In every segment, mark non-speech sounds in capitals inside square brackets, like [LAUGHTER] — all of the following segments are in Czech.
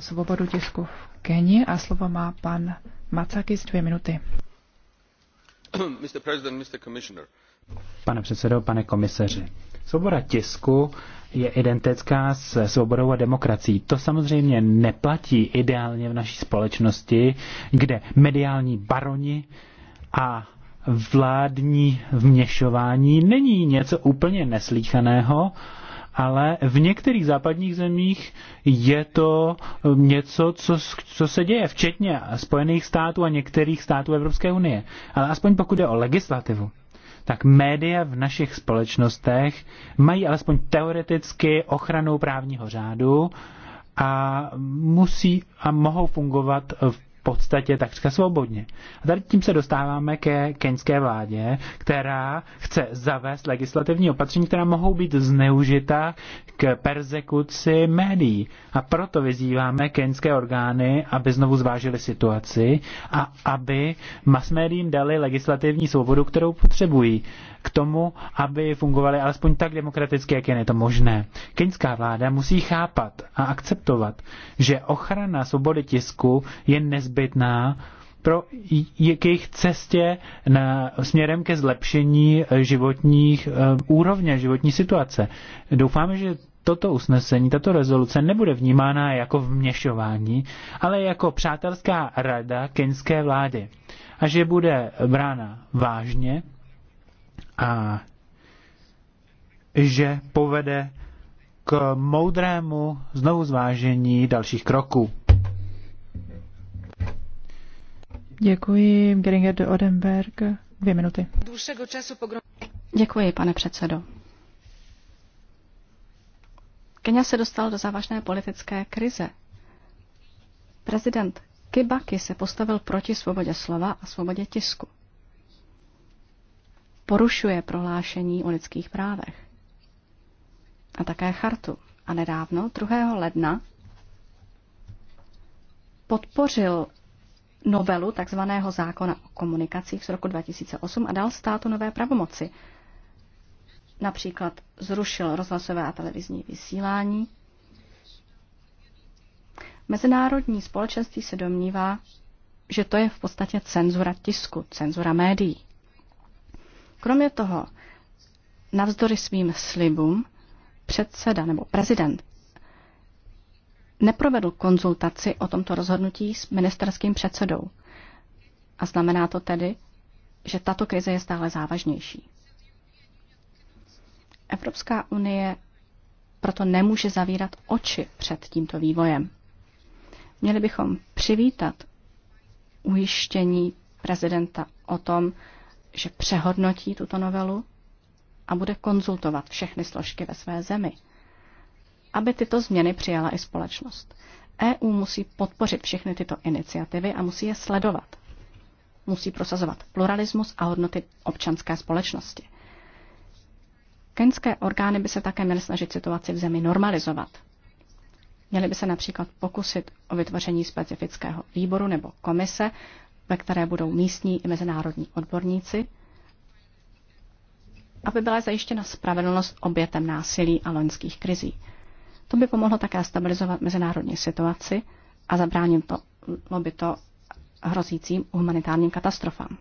svobodu tisku v Keni a slovo má pan Macakis dvě minuty. [CLEARS THROAT] Pane předsedo, pane komisaři, svoboda tisku je identická s svobodou a demokracií. To samozřejmě neplatí ideálně v naší společnosti, kde mediální baroni a vládní vměšování není něco úplně neslíchaného, ale v některých západních zemích je to um, něco, co, co se děje, včetně Spojených států a některých států Evropské unie. Ale aspoň pokud jde o legislativu, tak média v našich společnostech mají alespoň teoreticky ochranu právního řádu a musí a mohou fungovat v podstatě takřka svobodně. A tady tím se dostáváme ke keňské vládě, která chce zavést legislativní opatření, která mohou být zneužita k persekuci médií. A proto vyzýváme keňské orgány, aby znovu zvážili situaci a aby masmédiím dali legislativní svobodu, kterou potřebují k tomu, aby fungovaly alespoň tak demokraticky, jak je to možné. Keňská vláda musí chápat a akceptovat, že ochrana svobody tisku je nezbytná pro jejich cestě na, směrem ke zlepšení eh, životních eh, úrovně, životní situace. Doufáme, že toto usnesení, tato rezoluce nebude vnímána jako vměšování, ale jako přátelská rada keňské vlády a že bude brána vážně a že povede k moudrému znovu zvážení dalších kroků. Děkuji, Geringer de Odenberg. Dvě minuty. Děkuji, pane předsedo. Kenya se dostal do závažné politické krize. Prezident Kibaki se postavil proti svobodě slova a svobodě tisku porušuje prohlášení o lidských právech a také chartu. A nedávno, 2. ledna, podpořil novelu tzv. zákona o komunikacích z roku 2008 a dal státu nové pravomoci. Například zrušil rozhlasové a televizní vysílání. Mezinárodní společenství se domnívá, že to je v podstatě cenzura tisku, cenzura médií. Kromě toho, navzdory svým slibům, předseda nebo prezident neprovedl konzultaci o tomto rozhodnutí s ministerským předsedou. A znamená to tedy, že tato krize je stále závažnější. Evropská unie proto nemůže zavírat oči před tímto vývojem. Měli bychom přivítat ujištění prezidenta o tom, že přehodnotí tuto novelu a bude konzultovat všechny složky ve své zemi, aby tyto změny přijala i společnost. EU musí podpořit všechny tyto iniciativy a musí je sledovat. Musí prosazovat pluralismus a hodnoty občanské společnosti. Kenské orgány by se také měly snažit situaci v zemi normalizovat. Měly by se například pokusit o vytvoření specifického výboru nebo komise, ve které budou místní i mezinárodní odborníci, aby byla zajištěna spravedlnost obětem násilí a loňských krizí. To by pomohlo také stabilizovat mezinárodní situaci a zabránit to, no by to hrozícím humanitárním katastrofám.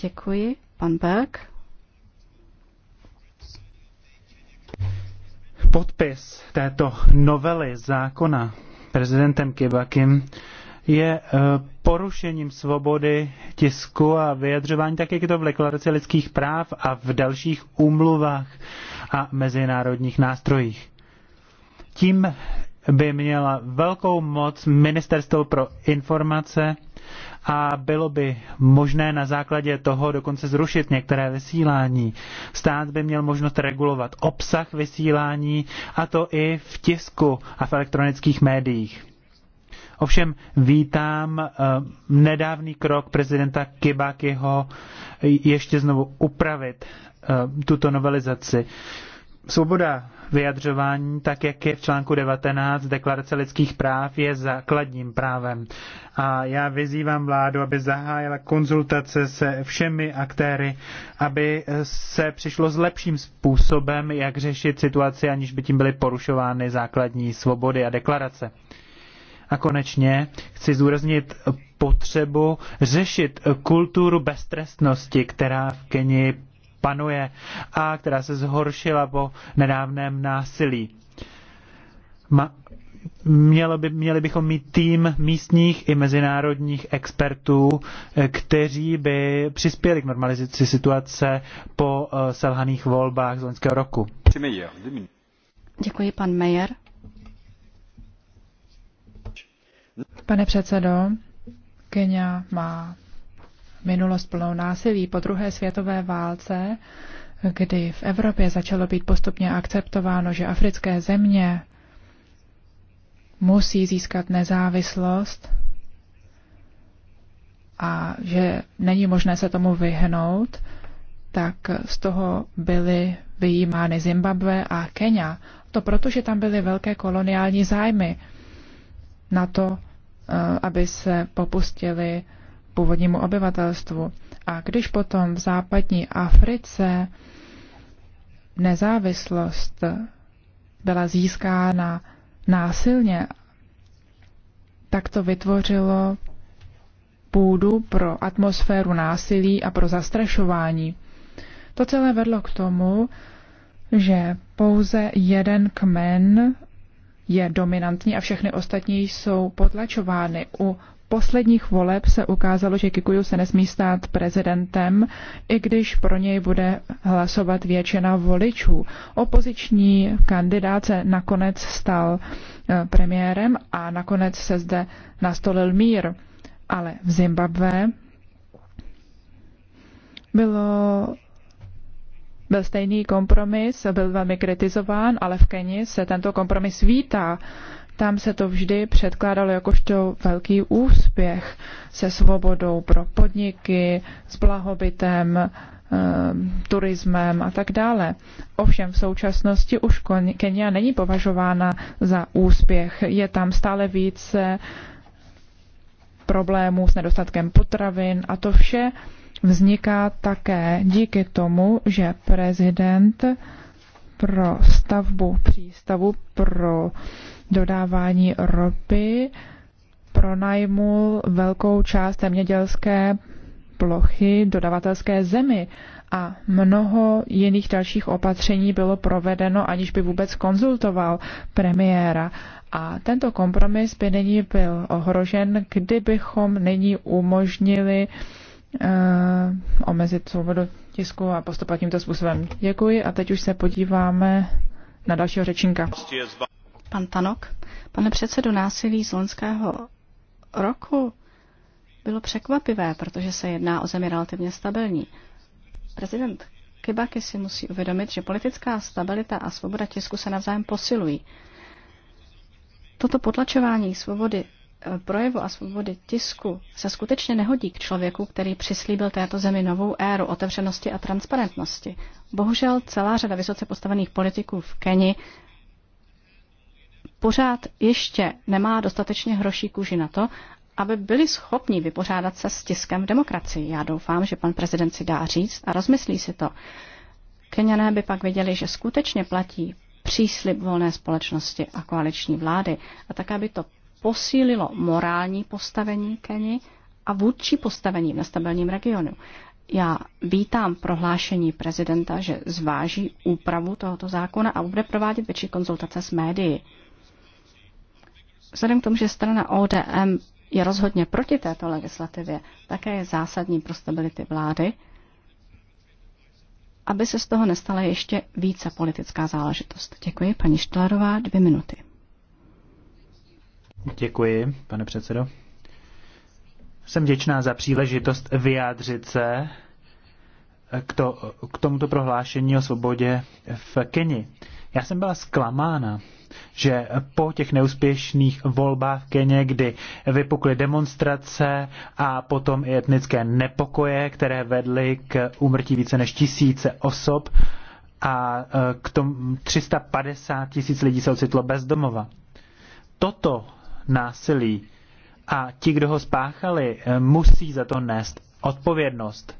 Děkuji, pan Berg. Podpis této novely zákona prezidentem Kibakim je eh, porušením svobody tisku a vyjadřování, tak jak je to v deklaraci lidských práv a v dalších úmluvách a mezinárodních nástrojích. Tím by měla velkou moc Ministerstvo pro informace a bylo by možné na základě toho dokonce zrušit některé vysílání. Stát by měl možnost regulovat obsah vysílání a to i v tisku a v elektronických médiích. Ovšem vítám eh, nedávný krok prezidenta Kibakyho ještě znovu upravit eh, tuto novelizaci. Svoboda vyjadřování, tak jak je v článku 19 Deklarace lidských práv, je základním právem. A já vyzývám vládu, aby zahájila konzultace se všemi aktéry, aby se přišlo s lepším způsobem, jak řešit situaci, aniž by tím byly porušovány základní svobody a deklarace. A konečně chci zúraznit potřebu řešit kulturu beztrestnosti, která v Kenii panuje a která se zhoršila po nedávném násilí. Ma- Mělo by, měli bychom mít tým místních i mezinárodních expertů, eh, kteří by přispěli k normalizaci situace po eh, selhaných volbách z loňského roku. Děkuji, pan Meyer. Pane předsedo, Kenya má minulost plnou násilí po druhé světové válce, kdy v Evropě začalo být postupně akceptováno, že africké země musí získat nezávislost a že není možné se tomu vyhnout, tak z toho byly vyjímány Zimbabwe a Kenya. To proto, že tam byly velké koloniální zájmy na to, Eh, aby se popustili původnímu obyvatelstvu. A když potom v západní Africe nezávislost byla získána násilně, tak to vytvořilo půdu pro atmosféru násilí a pro zastrašování. To celé vedlo k tomu, že pouze jeden kmen je dominantní a všechny ostatní jsou potlačovány. U posledních voleb se ukázalo, že Kikuyu se nesmí stát prezidentem, i když pro něj bude hlasovat většina voličů. Opoziční kandidát se nakonec stal eh, premiérem a nakonec se zde nastolil mír. Ale v Zimbabwe bylo byl stejný kompromis, byl velmi kritizován, ale v Keni se tento kompromis vítá. Tam se to vždy předkládalo jakožto velký úspěch se svobodou pro podniky, s blahobytem, eh, turismem a tak dále. Ovšem v současnosti už Kenia není považována za úspěch. Je tam stále více problémů s nedostatkem potravin a to vše vzniká také díky tomu, že prezident pro stavbu přístavu pro dodávání ropy pronajmul velkou část zemědělské plochy dodavatelské zemi a mnoho jiných dalších opatření bylo provedeno, aniž by vůbec konzultoval premiéra. A tento kompromis by nyní byl ohrožen, kdybychom nyní umožnili uh, Eh, omezit svobodu tisku a postupovat tímto způsobem. Děkuji a teď už se podíváme na dalšího řečníka. Pan Tanok, pane předsedu násilí z loňského roku bylo překvapivé, protože se jedná o zemi relativně stabilní. Prezident Kibaki si musí uvědomit, že politická stabilita a svoboda tisku se navzájem posilují. Toto potlačování svobody projevu a svobody tisku se skutečně nehodí k člověku, který přislíbil této zemi novou éru otevřenosti a transparentnosti. Bohužel celá řada vysoce postavených politiků v Keni pořád ještě nemá dostatečně hroší kůži na to, aby byli schopni vypořádat se s tiskem v demokracii. Já doufám, že pan prezident si dá říct a rozmyslí si to. Keniané by pak viděli, že skutečně platí příslip volné společnosti a koaliční vlády a tak, aby to posílilo morální postavení Keni a vůdčí postavení v nestabilním regionu. Já vítám prohlášení prezidenta, že zváží úpravu tohoto zákona a bude provádět větší konzultace s médií. Vzhledem k tomu, že strana ODM je rozhodně proti této legislativě, také je zásadní pro stability vlády, aby se z toho nestala ještě více politická záležitost. Děkuji, paní Štlarová, dvě minuty. Děkuji, pane předsedo. Jsem děčná za příležitost vyjádřit se k, to, k tomuto prohlášení o svobodě v Keni. Já jsem byla zklamána, že po těch neúspěšných volbách v Keně, kdy vypukly demonstrace a potom i etnické nepokoje, které vedly k úmrtí více než tisíce osob a e, k tomu 350 tisíc lidí se ocitlo bez domova. Toto násilí a ti, kdo ho spáchali, eh, musí za to nést odpovědnost.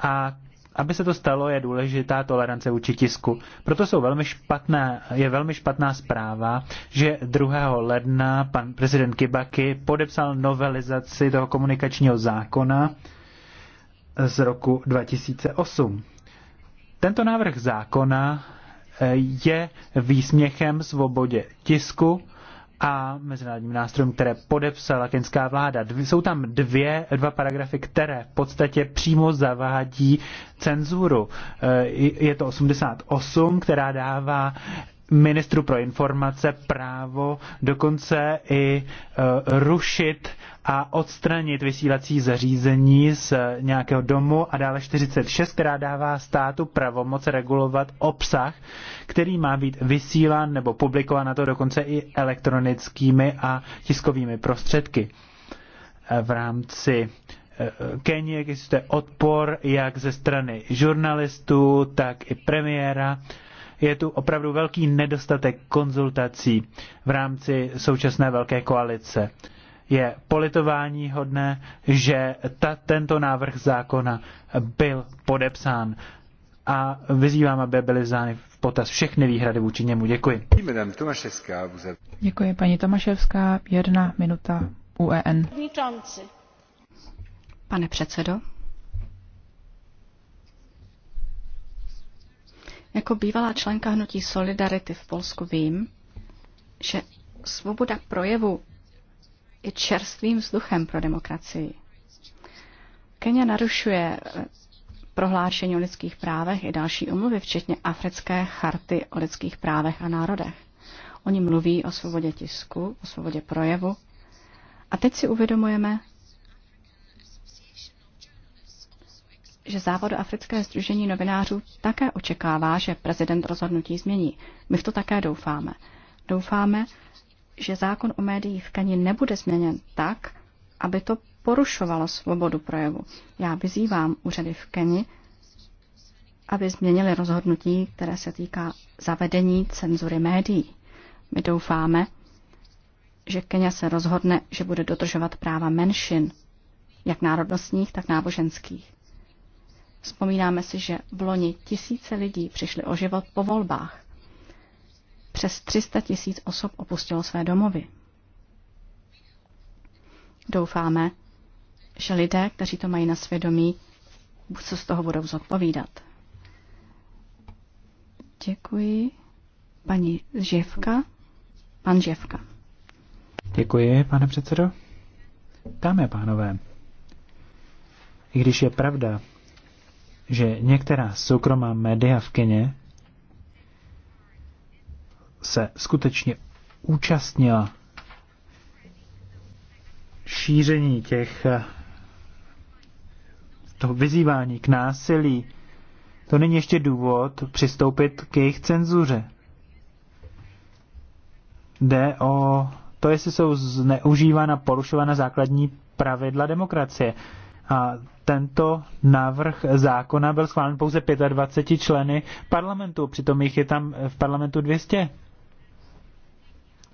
A aby se to stalo, je důležitá tolerance vůči tisku. Proto jsou velmi špatná, je velmi špatná zpráva, že 2. ledna pan prezident Kibaki podepsal novelizaci toho komunikačního zákona z roku 2008. Tento návrh zákona eh, je výsměchem svobodě tisku a mezinárodním nástrojům, které podepsala kenská vláda. Jsou tam dvě, dva paragrafy, které v podstatě přímo zavádí cenzuru. E, je to 88, která dává ministru pro informace právo dokonce i e, rušit a odstranit vysílací zařízení z nějakého domu a dále 46, která dává státu pravomoc regulovat obsah, který má být vysílán nebo publikován na to dokonce i elektronickými a tiskovými prostředky. E, v rámci e, Keni existuje odpor jak ze strany žurnalistů, tak i premiéra je tu opravdu velký nedostatek konzultací v rámci současné velké koalice. Je politování hodné, že ta, tento návrh zákona byl podepsán a vyzývám, aby byly zány v potaz všechny výhrady vůči němu. Děkuji. Děkuji, paní Tomaševská. Jedna minuta UEN. Pane předsedo, Jako bývalá členka hnutí Solidarity v Polsku vím, že svoboda projevu je čerstvým vzduchem pro demokracii. Kenya narušuje eh, prohlášení o lidských právech i další umluvy, včetně Africké charty o lidských právech a národech. Oni mluví o svobodě tisku, o svobodě projevu. A teď si uvědomujeme, že Africké združení novinářů také očekává, že prezident rozhodnutí změní. My v to také doufáme. Doufáme, že zákon o médiích v Keni nebude změněn tak, aby to porušovalo svobodu projevu. Já vyzývám úřady v Keni, aby změnili rozhodnutí, které se týká zavedení cenzury médií. My doufáme, že Kenya se rozhodne, že bude dodržovat práva menšin, jak národnostních, tak náboženských. Vzpomínáme si, že v loni tisíce lidí přišli o život po volbách. Přes 300 tisíc osob opustilo své domovy. Doufáme, že lidé, kteří to mají na svědomí, se z toho budou zodpovídat. Děkuji. Paní Živka. Pan Živka. Děkuji, pane předsedo. Dámy a pánové, i když je pravda, že některá soukromá média v Keně se skutečně účastnila šíření těch toho vyzývání k násilí, to není ještě důvod přistoupit k jejich cenzuře. Jde o to, jestli jsou zneužívána, porušována základní pravidla demokracie. A tento návrh zákona byl schválen pouze 25 členy parlamentu, přitom jich je tam v parlamentu 200.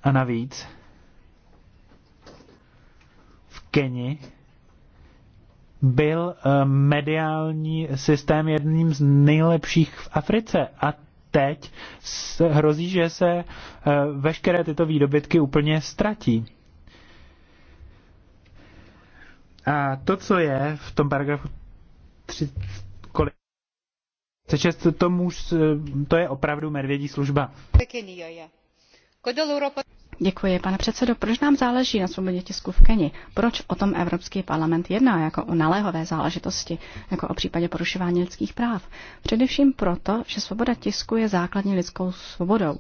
A navíc v Keni byl eh, mediální systém jedním z nejlepších v Africe a teď hrozí, že se eh, veškeré tyto výdobytky úplně ztratí. A to, co je v tom paragrafu 30, kolik, to, muž, to je opravdu medvědí služba. Děkuji, pane předsedo. Proč nám záleží na svobodě tisku v Keni? Proč o tom Evropský parlament jedná jako o naléhové záležitosti, jako o případě porušování lidských práv? Především proto, že svoboda tisku je základní lidskou svobodou.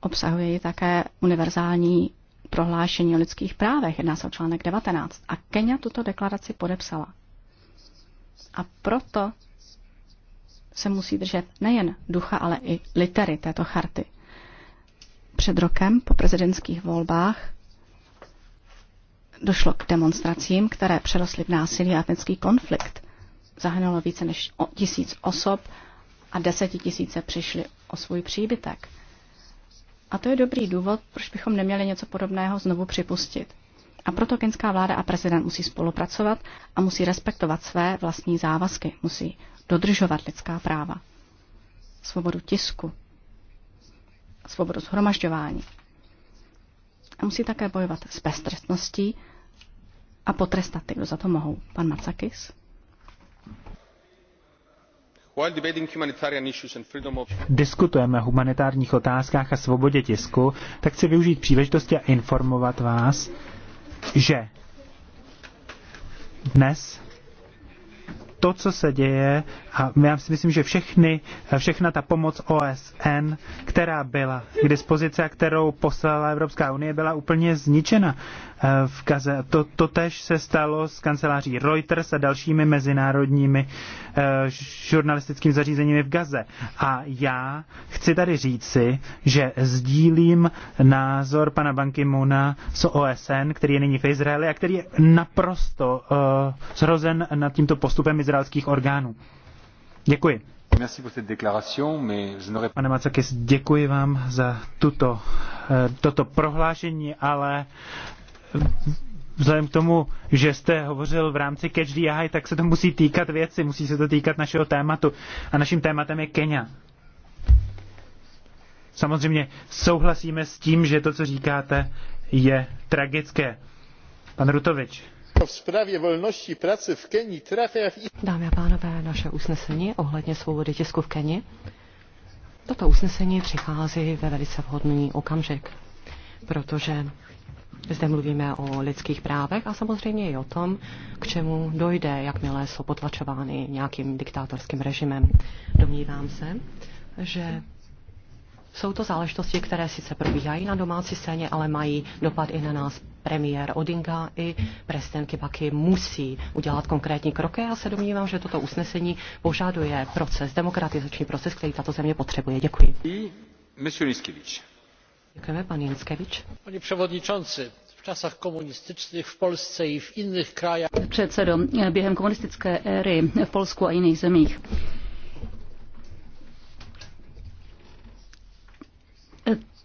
Obsahuje ji také univerzální prohlášení o lidských právech, jedná se o článek 19. A Kenya tuto deklaraci podepsala. A proto se musí držet nejen ducha, ale i litery této charty. Před rokem po prezidentských volbách došlo k demonstracím, které přerostly v násilí a etnický konflikt. Zahynulo více než tisíc osob a desetitisíce přišly o svůj příbytek. A to je dobrý důvod, proč bychom neměli něco podobného znovu připustit. A proto kenská vláda a prezident musí spolupracovat a musí respektovat své vlastní závazky, musí dodržovat lidská práva, svobodu tisku, svobodu shromažďování. A musí také bojovat s beztrestností a potrestat ty, kdo za to mohou. Pan Macakis diskutujeme o humanitárních otázkách a svobodě tisku, tak chci využít příležitosti a informovat vás, že dnes to, co se děje a já si myslím, že všechny, všechna ta pomoc OSN, která byla k dispozici a kterou poslala Evropská unie, byla úplně zničena eh, v Gaze. To, to tež se stalo s kanceláří Reuters a dalšími mezinárodními eh, žurnalistickými zařízeními v Gaze. A já chci tady říci, že sdílím názor pana Banky Muna z OSN, který je nyní v Izraeli a který je naprosto uh, zrozen nad tímto postupem izraelských orgánů. Děkuji. Pane Macakis, děkuji vám za tuto, eh, toto prohlášení, ale eh, vzhledem k tomu, že jste hovořil v rámci Catch the Eye, tak se to musí týkat věci, musí se to týkat našeho tématu. A naším tématem je Kenya. Samozřejmě souhlasíme s tím, že to, co říkáte, je tragické. Pan Rutovič v správě volnosti práce v Kenii trafia v... Dámy a pánové, naše usnesení ohledně svobody tisku v Keni. Toto usnesení přichází ve velice vhodný okamžik, protože zde mluvíme o lidských právech a samozřejmě i o tom, k čemu dojde, jakmile jsou potlačovány nějakým diktátorským režimem. Domnívám se, že jsou to záležitosti, které sice probíhají na domácí scéně, ale mají dopad i na nás premiér Odinga i prezident Kibaki musí udělat konkrétní kroky. Já se domnívám, že toto usnesení požaduje proces, demokratizační proces, který tato země potřebuje. Děkuji. Děkujeme, pan Jinskevič. Pani předsedající, v časech komunistických v Polsce i v jiných krajích. Předsedo, během komunistické éry v Polsku a jiných zemích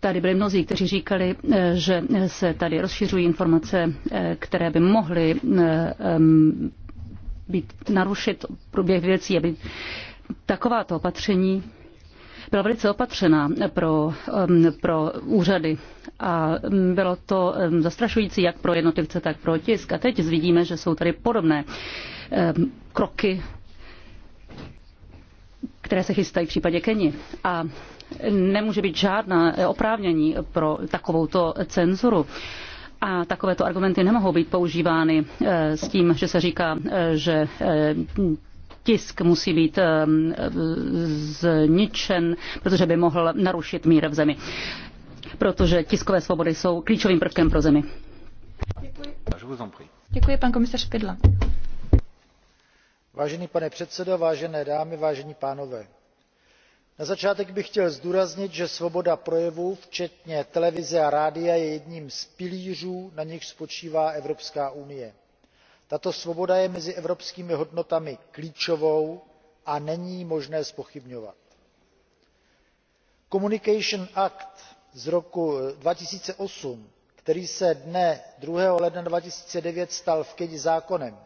Tady byli mnozí, kteří říkali, eh, že se tady rozšiřují informace, eh, které by mohly eh, být narušit průběh věcí, aby takováto opatření byla velice opatřená pro, pro úřady a bylo to zastrašující jak pro jednotlivce, tak pro tisk. A teď vidíme, že jsou tady podobné kroky, které se chystají v případě Keni. A nemůže být žádná oprávnění pro takovouto cenzuru. A takovéto argumenty nemohou být používány eh, s tím, že se říká, eh, že eh, tisk musí být zničen, protože by mohl narušit mír v zemi. Protože tiskové svobody jsou klíčovým prvkem pro zemi. Děkuji. Děkuji, pan komisař Pidla. Vážený pane předsedo, vážené dámy, vážení pánové na začátek bych chtěl zdůraznit že svoboda projevu včetně televize a rádia, je jedním z pilířů na nichž spočívá evropská unie. tato svoboda je mezi evropskými hodnotami klíčovou a není ji možné zpochybňovat. communication act z roku two thousand and eight který se dne. two ledna two thousand and nine stal v keni zákonem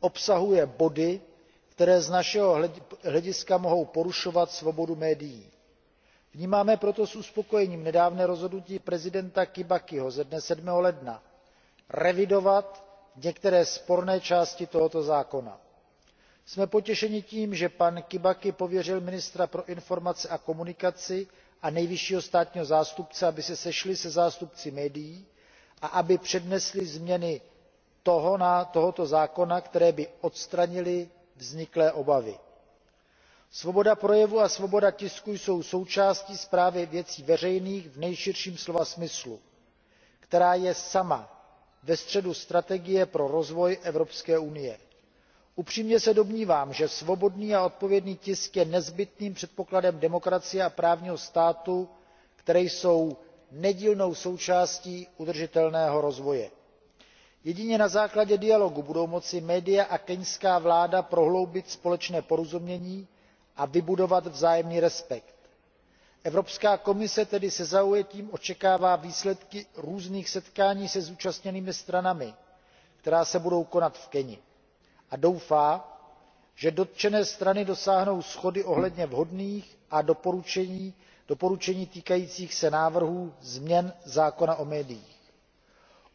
obsahuje body které z našeho hlediska mohou porušovat svobodu médií. vnímáme proto s uspokojením nedávné rozhodnutí prezidenta kibakiho ze dne. seven ledna revidovat některé sporné části tohoto zákona. jsme potěšeni tím že pan kibaki pověřil ministra pro informace a komunikaci a nejvyššího státního zástupce aby se sešli se zástupci médií a aby přednesli změny tohoto zákona které by odstranily vzniklé obavy. svoboda projevu a svoboda tisku jsou součástí správy věcí veřejných v nejširším slova smyslu která je sama ve středu strategie pro rozvoj evropské unie. upřímně se domnívám že svobodný a odpovědný tisk je nezbytným předpokladem demokracie a právního státu které jsou nedílnou součástí udržitelného rozvoje jedině na základě dialogu budou moci média a keňská vláda prohloubit společné porozumění a vybudovat vzájemný respekt. evropská komise tedy se zaujetím očekává výsledky různých setkání se zúčastněnými stranami která se budou konat v keni a doufá že dotčené strany dosáhnou shody ohledně vhodných a doporučení týkajících se návrhů změn zákona o médiích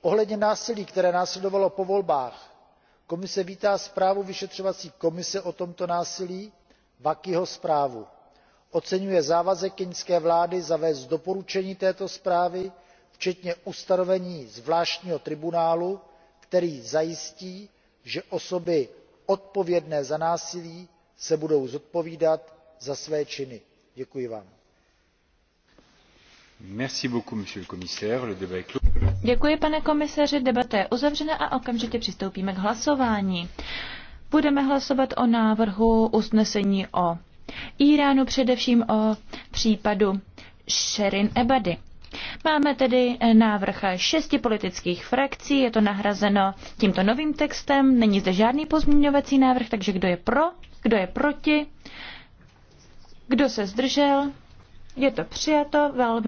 ohledně násilí které následovalo po volbách komise vítá zprávu vyšetřovací komise o tomto násilí vakiho zprávu. oceňuje závazek keňské vlády zavést doporučení této zprávy včetně ustanovení zvláštního tribunálu který zajistí že osoby odpovědné za násilí se budou zodpovídat za své činy. děkuji vám. Děkuji, pane komisaři. Debata je uzavřena a okamžitě přistoupíme k hlasování. Budeme hlasovat o návrhu usnesení o Iránu, především o případu Sherin Ebady. Máme tedy návrh šesti politických frakcí, je to nahrazeno tímto novým textem, není zde žádný pozměňovací návrh, takže kdo je pro, kdo je proti, kdo se zdržel, je to přijato velmi.